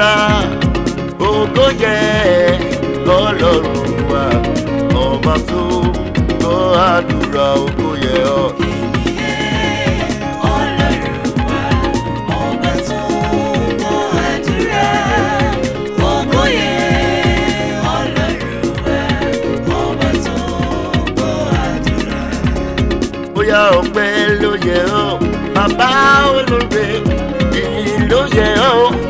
búra ohun tó jẹ́ lọ́lọ́run wa ọba tó tó àdúrà ògo yẹ ọ́. bóyá ọpẹ́ ló yẹ bàbá olóore èyí ló ọ́.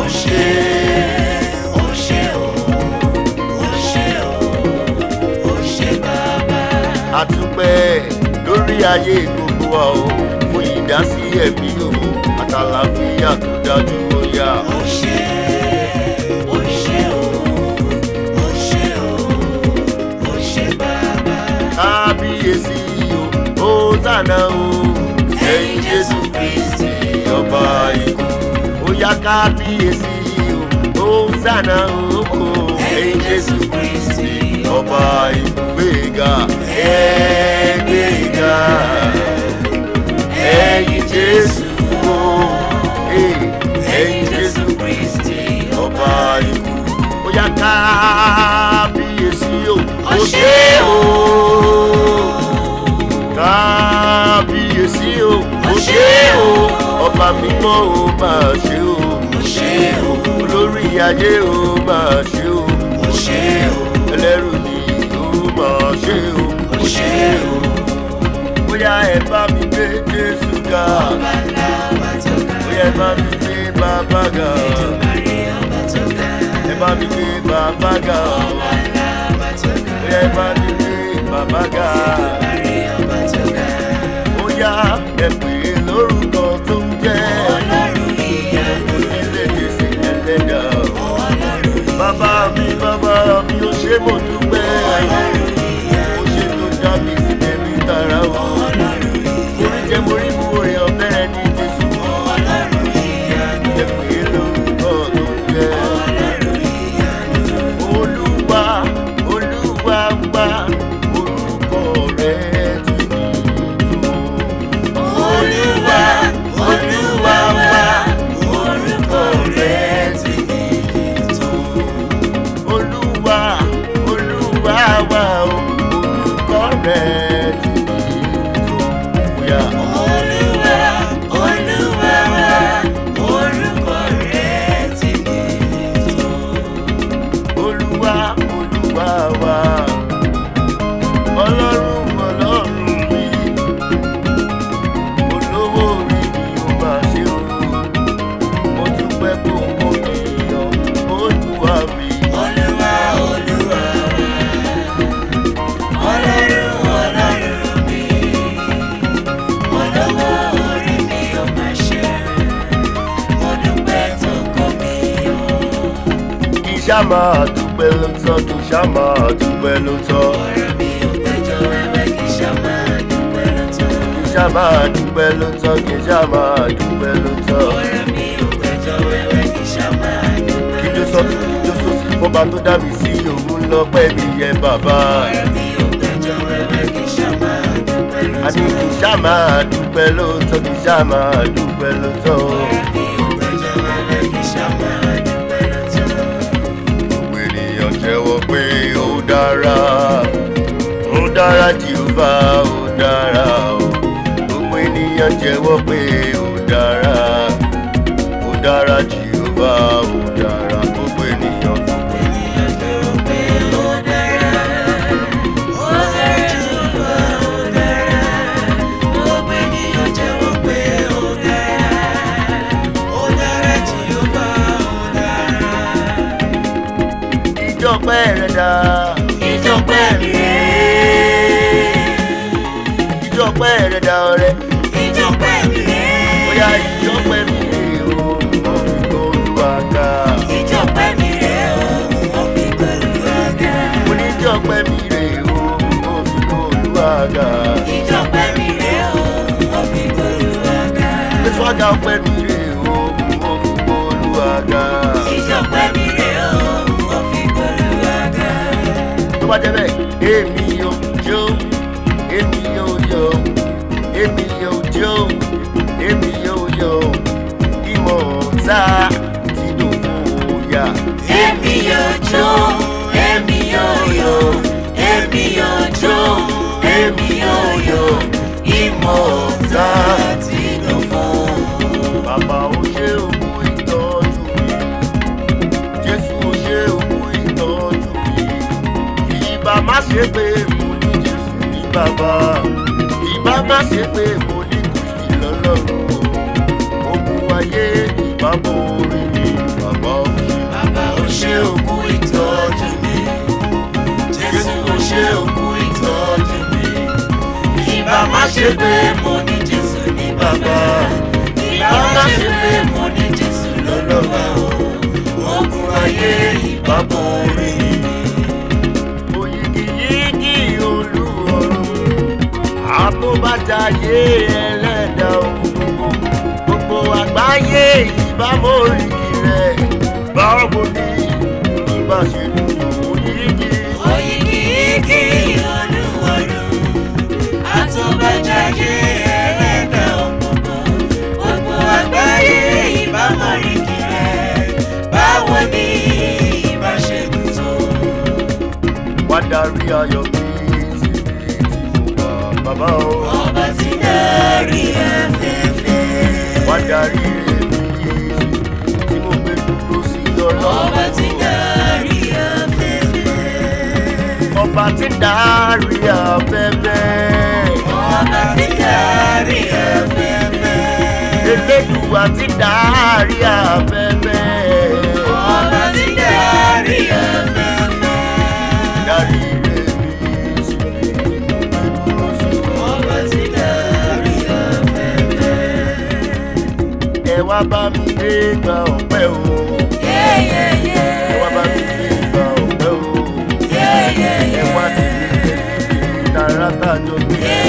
dúpẹ́ lórí ayé gbogbo wa o fún ìdásí ẹ̀mí òun àtàlàfíà tó dájú ó yá. ó ṣe ó ṣe o ó ṣe o ó ṣe bàbá. kábíyèsí o ó sànà o ẹ̀yin jésù kristi ọba ikú ó yá kábíyèsí o ó sànà o ẹ̀yin jésù kristi ọba ikú gbéga ẹgbẹ́ga ẹ̀yin jésù o ẹ̀yin jésù kristi ọba ikú. ó yá kábíyèsí o ó o kábíyèsí o ó ṣe o ọba mímọ́ o máa ṣe o ṣe o olórí ayé o máa o mo ṣe o ẹlẹ́rù ni o máa ṣe o ayé o bóyá ẹ bá mi gbé Jésù ga bóyá ẹ bá mi gbé Baba God. ẹ bá mi gbé Baba God. bóyá ẹ mi gbé bàbá ga. ṣàmà àdúpẹ́ ló ń tọ́ kì í ṣàmà àdúpẹ́ ló ń tọ́. ọ̀rẹ́ mi ò tẹ́jọ́ rẹ́rẹ́ kì í ṣàmà àdúpẹ́ ló ń tọ́. kì í ṣàmà àdúpẹ́ ló ń tọ́ kì í ṣàmà àdúpẹ́ ló ń tọ́. kì í ṣàmà àdúpẹ́ ló bọ́ba tó dá sí òun lọ́pẹ́ mi yẹ bàbá. ọ̀rẹ́ mi kì í ṣàmà àdúpẹ́ ló kì í ṣàmà àdúpẹ́ ló dára ó dára jìhófà ó dára ó gbogbo ènìyàn jẹ́wọ́ pé ó dára ó dára jìhófà ó dára gbogbo ènìyàn. ọpẹ́ rẹ̀ dáa ọpẹ́ mi. ijó ọpẹ́ rẹ̀ dá ọrẹ́. bá jẹ́ bẹ́ẹ̀ èmi ò jó èmi ò yọ̀ èmi ò jó èmi ò yọ̀ ìmọ̀ ọ̀tá ti dòfò yá. èmi ò jó èmi ò yọ̀ èmi ò èmi. bọ̀ ìbá má ṣe pé mo ní kò sí lọ́lọ́run ogun ayé ìbá mo rí ní bàbá òṣè. bàbá òṣè òkú ìtọ́jú mi jésù òṣè òkú ìtọ́jú mi ìbá má ṣe pé mo ní jésù ní bàbá ìbá má ṣe pé mo ní jésù lọ́lọ́run ogun ayé ìbá. ayé ẹlẹ́dà ògbógbò gbogbo àgbáyé ìbámu òrìkì rẹ̀ báwo ni ìbá ṣe dùn òyìnkì. òyìnkì kí olúwolú àtúbọ̀jáde ẹlẹ́dà ògbógbò gbogbo àgbáyé ìbámu òrìkì rẹ̀ báwo ni ìbá ṣe dùn tó. wá darí ayọ̀ mi bàbá o lórí afẹ́fẹ́. wá darí èmi tí mo gbé gbogbo sí ọlọ́. ọba tí darí afẹ́fẹ́. ọba tí darí afẹ́fẹ́. ọba tí darí afẹ́fẹ́. elédùn àti darí. wá bá mi dé gba ọpẹ́ o. ẹ wá bá mi dé gba ọpẹ́ o. ẹ wá ní ilé níbi tààrà tàjọ gbé.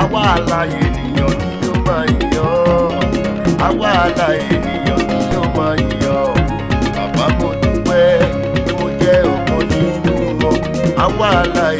àwa àlàyé ènìyàn ni yóò máa yọ. àwa àlàyé ènìyàn ni yóò máa yọ. bàbá mo dúpẹ́ mo jẹ́ ọmọ nínú wọn. àwa àlàyé.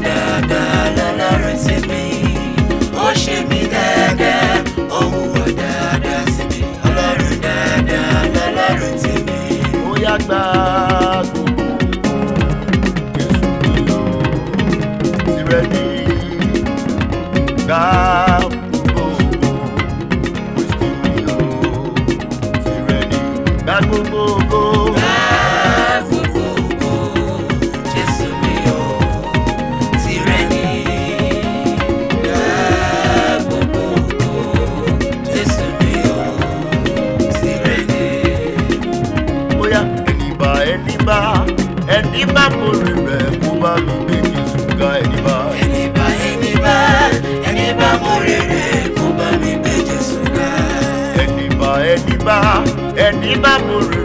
Ibaburu.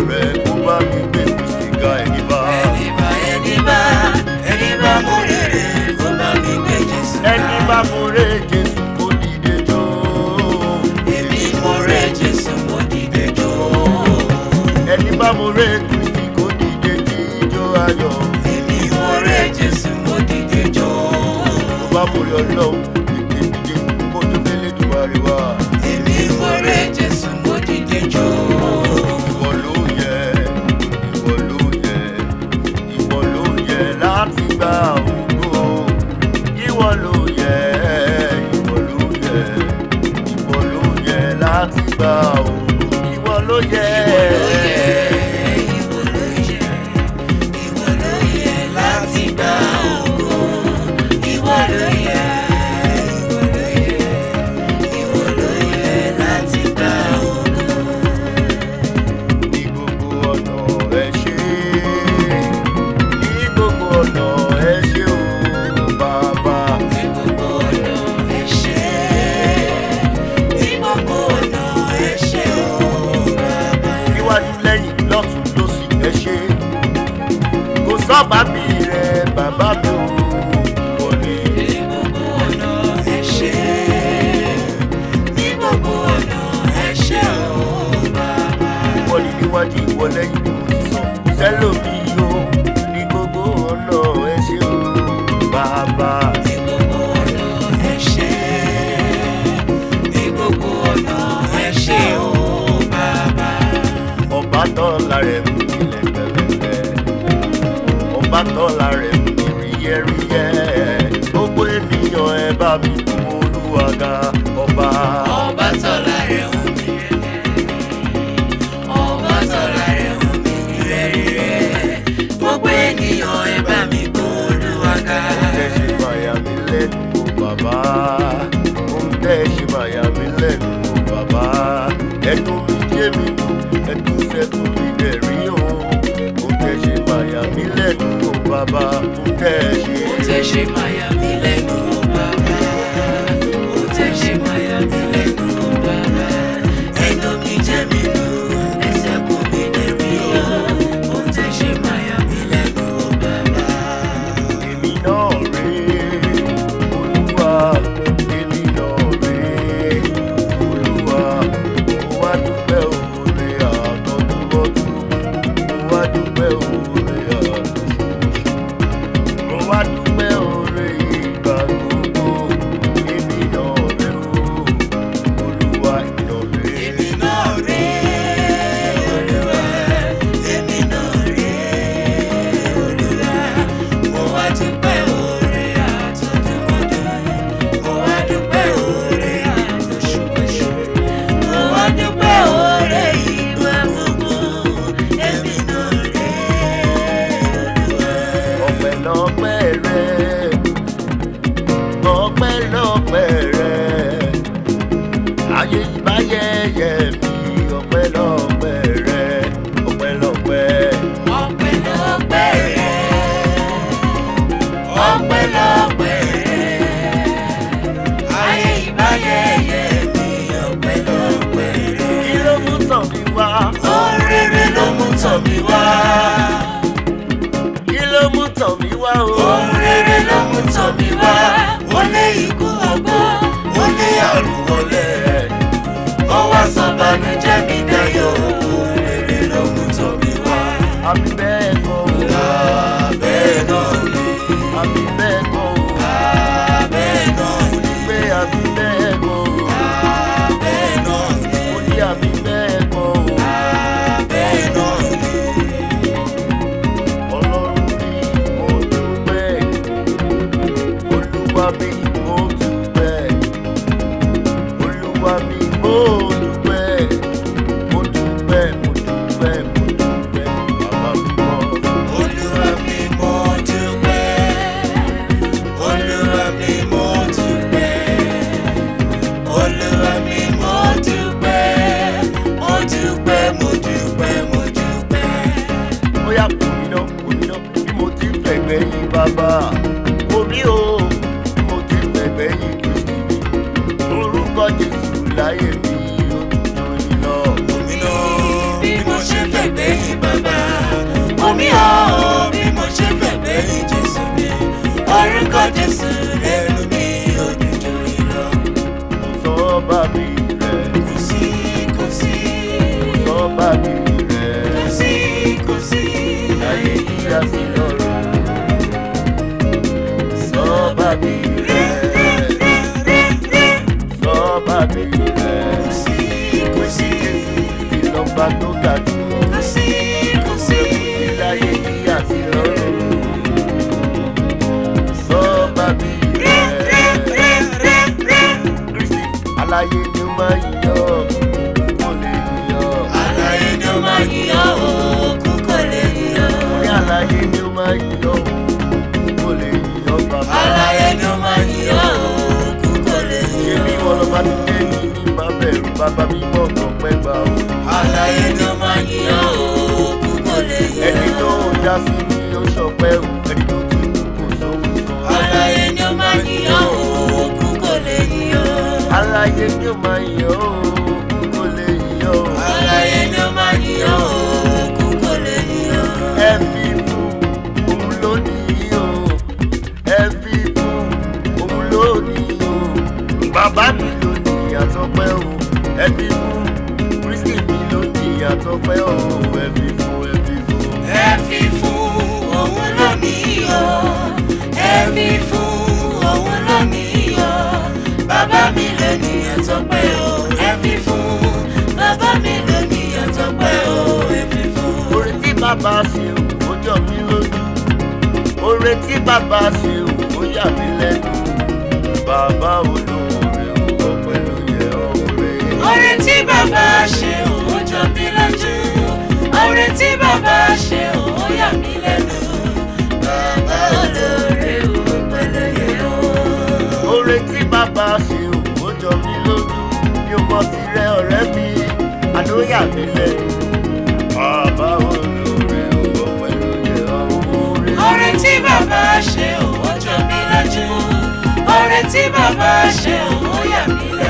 bàbá mi rẹ̀ bàbá mi ò. tọ́lá rẹ̀ ní ríyẹ́ríyẹ́ gbogbo ènìyàn ẹ bá mi kún Olúwa ga ọba. ọba tọ́lá rẹ̀ ń mi rẹ̀ ọba tọ́lá rẹ̀ ń mi rẹ̀ gbogbo ènìyàn ẹ bá mi kún Olúwa ga. ó ń tẹ́ ṣe bàyà mi lẹ́nu bàbá ó ń tẹ́ ṣe bàyà mi lẹ́nu bàbá ẹnu mi jẹ́ mi lù ẹnu fẹ́ tún mi dé. J'ai Miami. tọ̀ mí wá. kí ló mú tọ̀ mí wá o. ohun rere ló mú tọ̀ mí wá. ó lé ikú ọgbọ́n ó lé àrùn wọlé. ó wá sọ bànújẹ́ mi bàbá mímọ́ ọ̀pẹ́ gbà ó. àlàyé ló máa ní ọ̀hún kú kò lè yẹ. ẹni tó ń dá sí ni ó ṣọpẹ́ o ẹni tó tún kò sóhun kan. àlàyé ló máa ní ọ̀hún kú kò lè yẹ. àlàyé ló máa ní ọ̀hún. dúpẹ́ o ẹbí fún ẹbí fún. o ẹbí fún òun o bàbá mi lè nìyẹn tó pé o ẹbí fún bàbá mi lè nìyẹn tó pé o ẹbí fún. orin tí bàbá ṣe ó yà mí lẹ́nu bàbá olóore ọpẹ́ ló yẹ ọ̀rẹ́. orin bàbá ṣe ó oore tí bàbá ṣe ó yà mí lẹ́nu bàbá olóore ò pẹ́lẹ́yẹ o. oore tí bàbá ṣe ó jọ mí lójú bí o mọ tirẹ̀ ọ̀rẹ́ mi àdó yà mí lẹ́nu bàbá olóore ò pẹ́lẹ́yẹ o. oore tí bàbá ṣe ó jọ mí lójú oore tí bàbá ṣe ó yà mí lẹ́nu.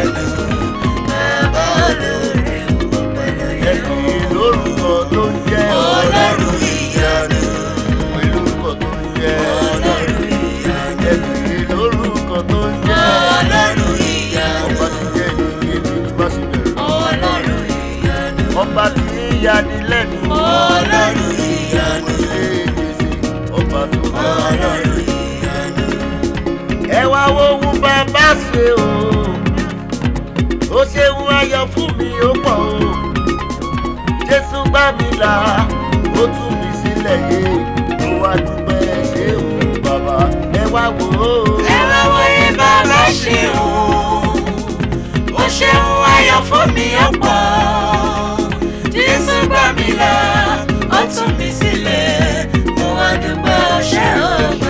dé o ó ṣeun ayọ̀ fún mi ó pọ̀ o jésù gbà mí là ó tú mi sílẹ̀ yé mo wá dúpẹ́ ṣé o bàbá ẹ wá wò ó. ẹ wo ibà bá ṣe o ó ṣeun ayọ̀ fún mi ó pọ̀ jésù gbà mí là ó tú mi sílẹ̀ mo wá dúpẹ́ ṣé o.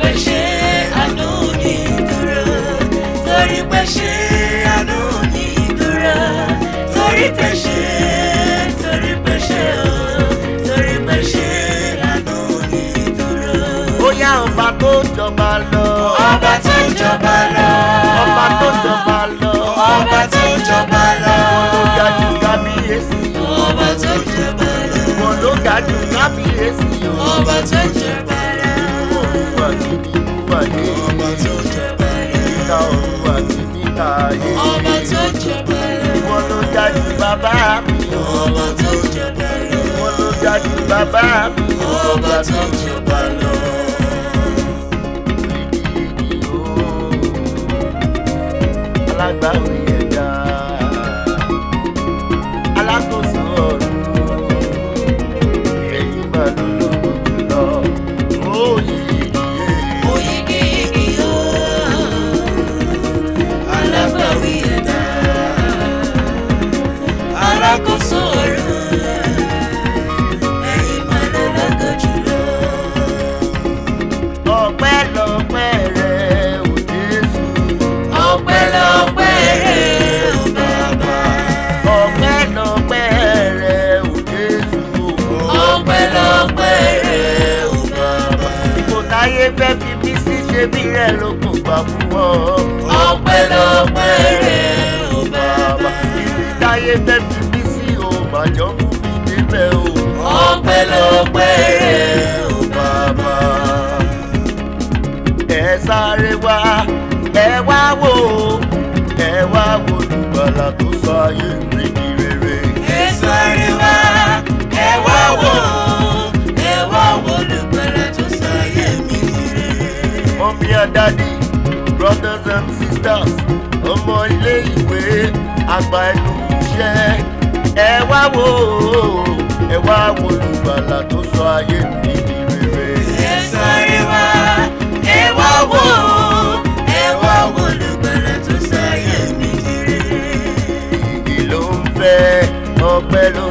pé ṣé àánú mi dúró torí pé ṣé àánú mi dúró torí pé ṣé torí pé ṣé o torí pé ṣé àánú mi dúró. bóyá ọba tó jọba lọ. ọba tó jọba lọ. ọba tó jọba lọ. ọba tó jọba lọ. wọn ló ga jù kábíyèsí. ọba tó jọba lọ. wọn ló ga jù kábíyèsí àti nígbà dé níta ọ̀run àti níta ayé ìwọ ló dájú bàbá mi ìwọ ló dájú bàbá mi ọba tó jẹ bá lọ. alágbàwí. ọpẹ́ ló kò gbà fún ọ. ọpẹ́ ló pé O ó bàbá. ibi tẹ́tí bí sí o bàjọ́ mú mi débẹ̀ o. ọpẹ́ ló pé rè ó bàbá. ẹ sáré wá ẹ wá wò ó ẹ wá wò olùgbàlà tó sọ ayé mi. Daddy, brothers and sisters ọmọ ilé ìwé àgbà ẹnu iṣẹ́ ẹ wá wò ó ẹ wá wò olùgbàlà tó sọ ayé níbi rere. ẹ sọ wa ẹ wá wò ó ẹ wá wò olùgbàlà tó sọ ayé níbi rere. ló ń jẹrẹ ìdí ló ń fẹ́ ọpẹ́ ló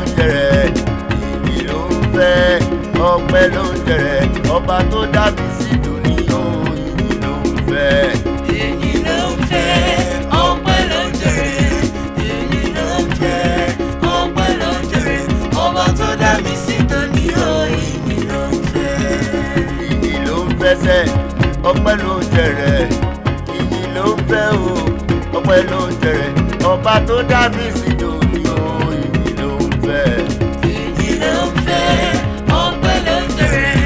ń jẹrẹ ọba tó dábì sí. tẹ̀ ọpẹ́ ló ń tẹ̀rẹ̀ iyì ló ń fẹ́ o ọpẹ́ ló ń tẹ̀rẹ̀ ọba tó dábì sí lómi o iyì ló ń fẹ́. iyì ló ń fẹ́ ọpẹ́ ló ń tẹ̀rẹ̀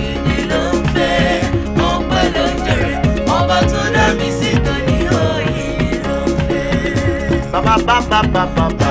iyì ló ń fẹ́ ọpẹ́ ló ń tẹ̀rẹ̀ ọba tó dábì sí lómi o iyì ló ń fẹ́. bàbá bàbá bàbá.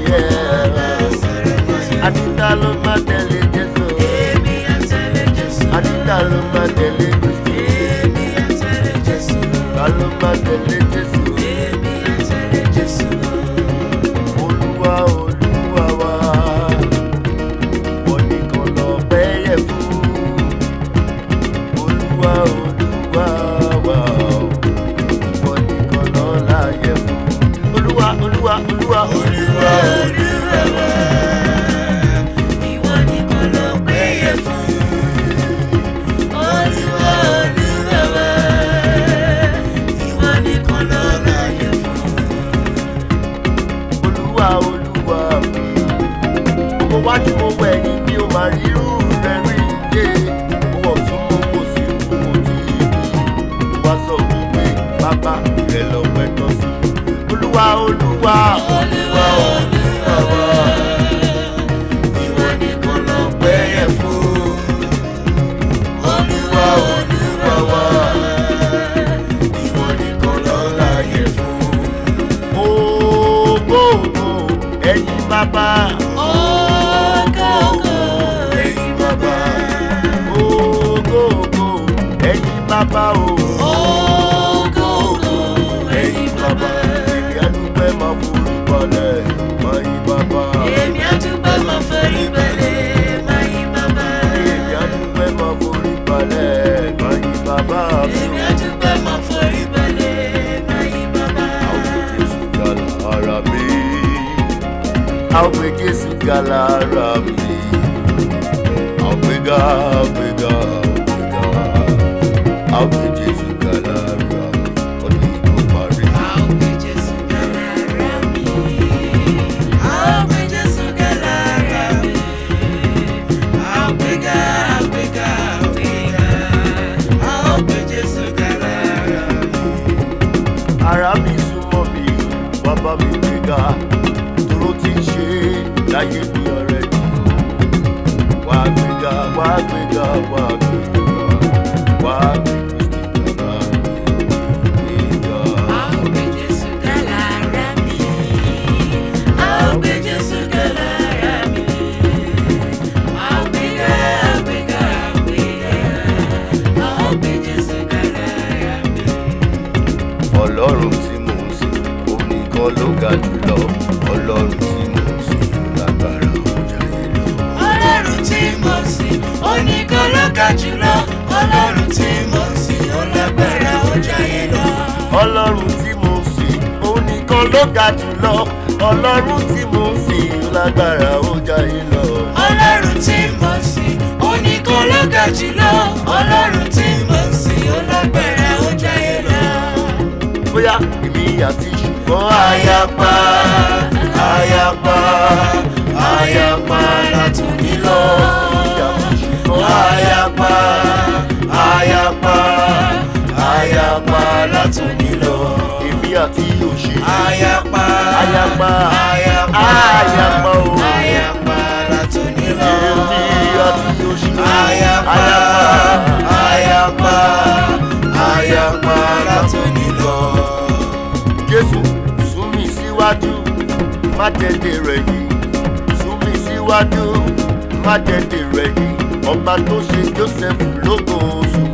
yeah. papa. àgbèjì sí galara mi àgbègà àgbègà àgbègà àgbègà. wa látòní lọ. èmi àti òṣèré. Ayapa, ayapa, ayapa, ayapa. o. ayapa, látòní lọ. èmi àti òṣèré. ayapa. Ayapa, ayapa, látòní lọ. jésù sún mi síwájú má tètè rẹ̀ yìí sún mi síwájú má tètè rẹ̀ yìí ọba tó ṣe joseph lógo sùn.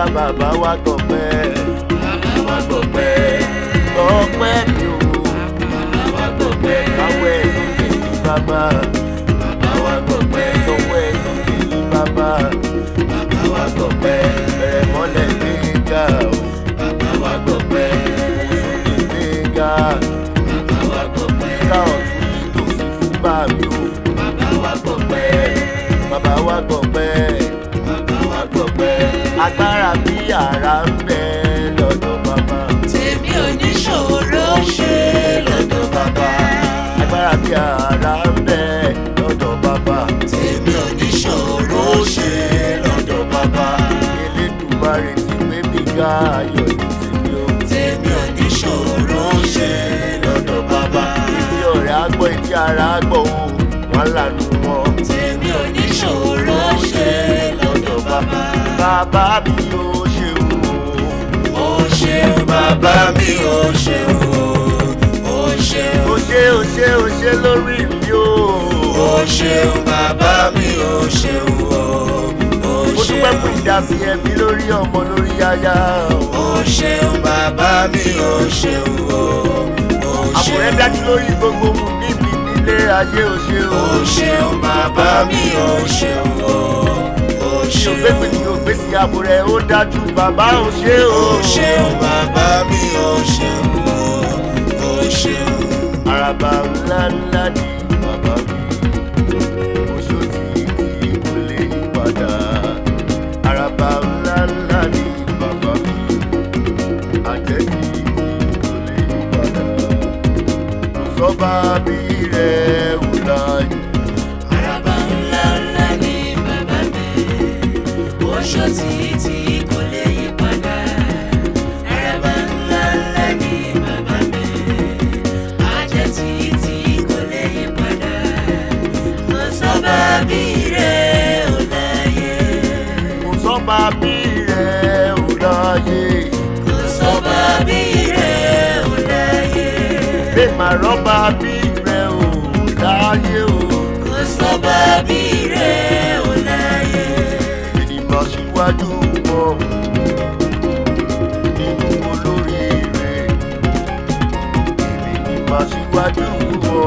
yá bàbá wa tọpẹ́. bàbá wa tọpẹ́. tọpẹ́ mi o. bàbá wa tọpẹ́. káwé ẹ̀ agbára bí ara ń bẹ lọ́dọ̀ bàbá. tèmi ò ní ṣòro ṣe lọ́dọ̀ bàbá. agbára bí ara ń bẹ lọ́dọ̀ bàbá. tèmi ò ní ṣòro ṣe lọ́dọ̀ bàbá. Elédùmarè ti gbé mi ga ayọ̀ ní tèmi o. tèmi ò ní ṣòro ṣe lọ́dọ̀ bàbá. ibi ọ̀rẹ́ àgbọ̀ ìdí ara àgbọ̀ òun wọn lànà wọn. bàbá mi o ṣeun o. o ṣeun bàbá mi o ṣeun o. o ṣeun. o ṣe o ṣe o ṣe lórí mi o. o ṣeun bàbá mi o ṣeun o. dúpẹ́ fún ìdásí ẹbí lórí ọmọ lórí aya. O ṣeun bàbá mi o ṣeun o. Àbúrẹ́ dájú lórí gbogbo mu níbi nílé ayé o ṣeun. O ṣeun bàbá mi o ṣeun o ṣe o gbé pènìyàn gbèsè ààbò rẹ ó dájú bàbá ò ṣe o. o ṣeun bàbá mi ò ṣeun o ṣeun. àràbà ńlá ńlá ni. àrọ́bà bí rẹ̀ ò láyé o. kò sọ́bà bí rẹ̀ ò láyé. ènìyàn síwájú wọ nínú olórí rẹ̀ ènìyàn síwájú wọ.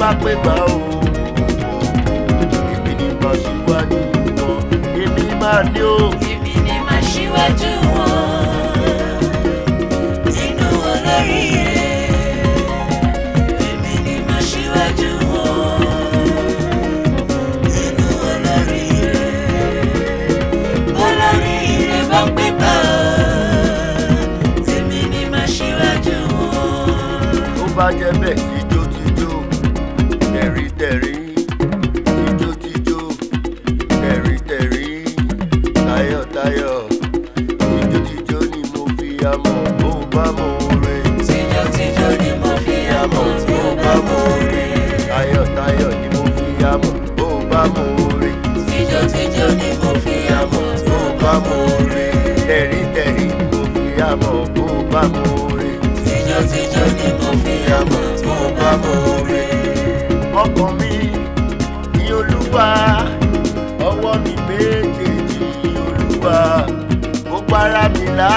bá pé gbà o. Èmi ni bá síwájú wọn, èmi máa ní òun. I do.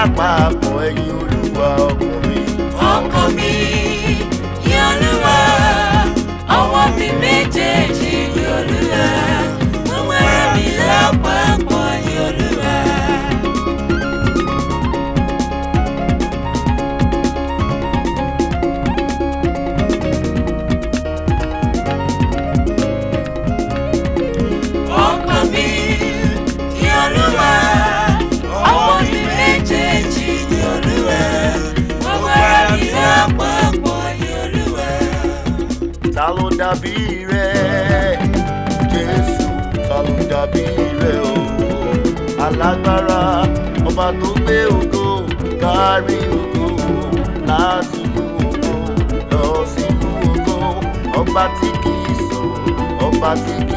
lápapọ̀ ẹ̀yin olúwa ọkọ. はず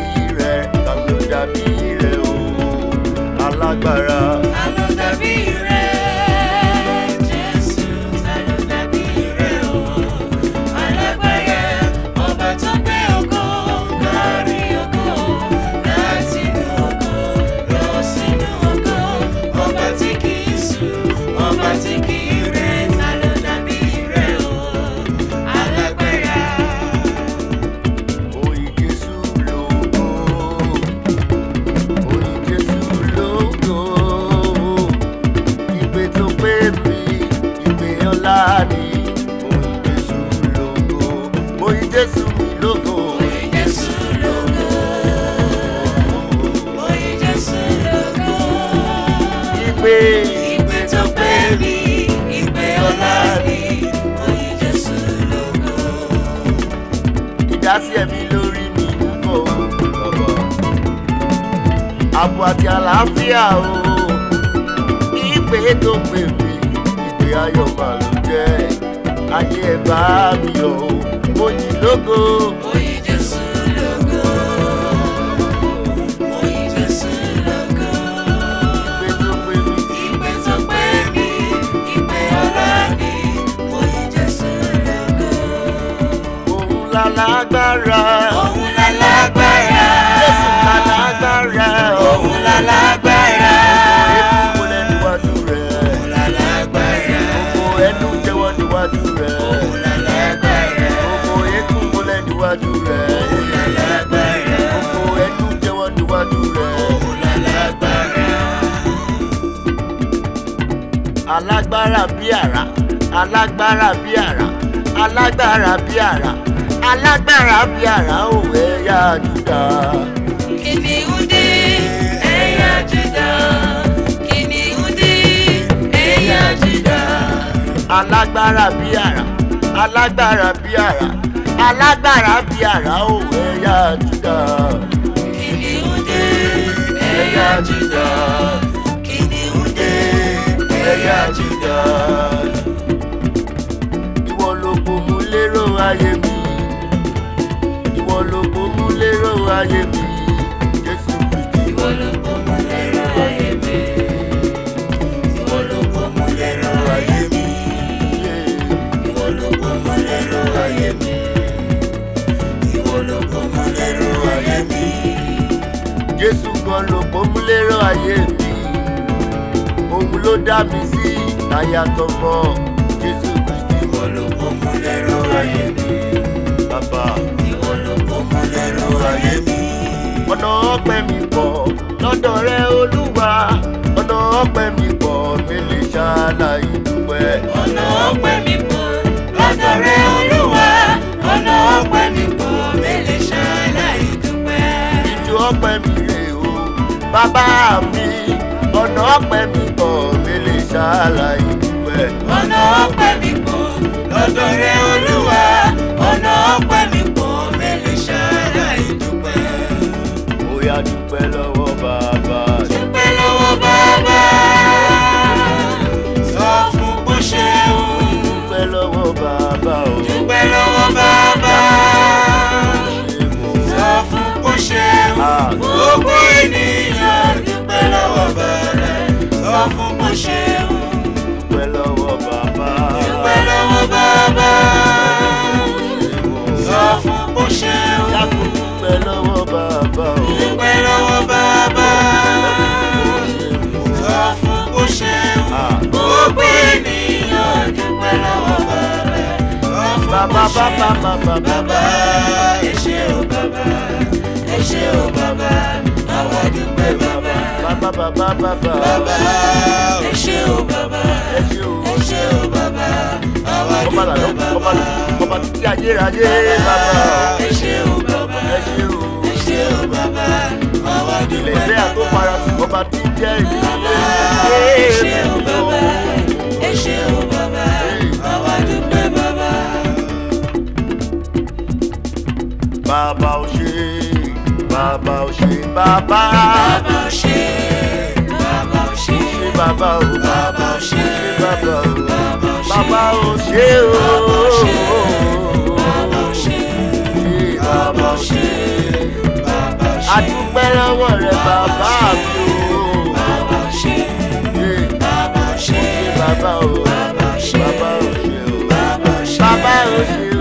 níwájú rẹ̀. Òun lẹ́lẹ́gbẹ́ alagbara Gbogbo ẹnu jẹ́ wọ́n níwájú rẹ̀. Òun lẹ́lẹ́gbẹ́ rẹ̀. Alágbára bí àrà, alágbára bí àrà, Kìnìún dé ẹ̀yà Júdà. Kìnìún dé ẹ̀yà Júdà. Alágbára bí àrà, alágbára bí àrà alágbára bí àrá ò ẹ̀yà Júdà. kìnìún dé ẹ̀yà Júdà kìnìún dé ẹ̀yà Júdà. ìwọ ló kò mú lérò ayé mi ìwọ ló kò lérò ayé mi Jésù Kristi. ìwọ ló kò. lògbòmúlérò ayé mi. Jésù kan lògbòmúlérò ayé mi. Òun ló dá mi sí àyàtọ̀ gbogbo ènìyàn dúpẹ́ lọ́wọ́ bẹ̀rẹ̀ sọ fún bó ṣe ń. dúpẹ́ lọ́wọ́ bàbá. dúpẹ́ lọ́wọ́ bàbá. sọ fún bó ṣe ń. dúpẹ́ lọ́wọ́ bàbá. dúpẹ́ lọ́wọ́ bàbá. sọ fún bó ṣe ń. gbogbo ènìyàn dúpẹ́ lọ́wọ́ bẹ̀rẹ̀ sọ fún bó ṣe ń. bàbá bàbá bàbá bàbá ẹ ṣé o bàbá ṣé o bàbá àwa dúpẹ́ baba baba baba, baba. bàbá ẹ ṣé o bàbá ẹ ṣé o bàbá baba. dúpẹ́ bàbá. bàbá tí ayérayé baba. ẹ ṣé o bàbá ẹ ṣé o bàbá àwa dúpẹ́ bàbá. ilé ìfẹ́ àtọ́fara sí bàbá tí ń jẹ́ ìdílé. ẹ ṣé o bàbá ẹ ṣé o bàbá àwa dúpẹ́ bàbá bàbá ò ṣe bàbá. bàbá ò ṣe bàbá ò ṣe bàbá ò bàbá ò ṣe bàbá ò bàbá ò ṣe o. bàbá ò ṣe bàbá ò ṣe bàbá ò ṣe. a dúpẹ́ lọ́wọ́ rẹ bàbá mi o. bàbá ò ṣe bàbá ò ṣe bàbá ò ṣe bàbá ò ṣe bàbá ò ṣe.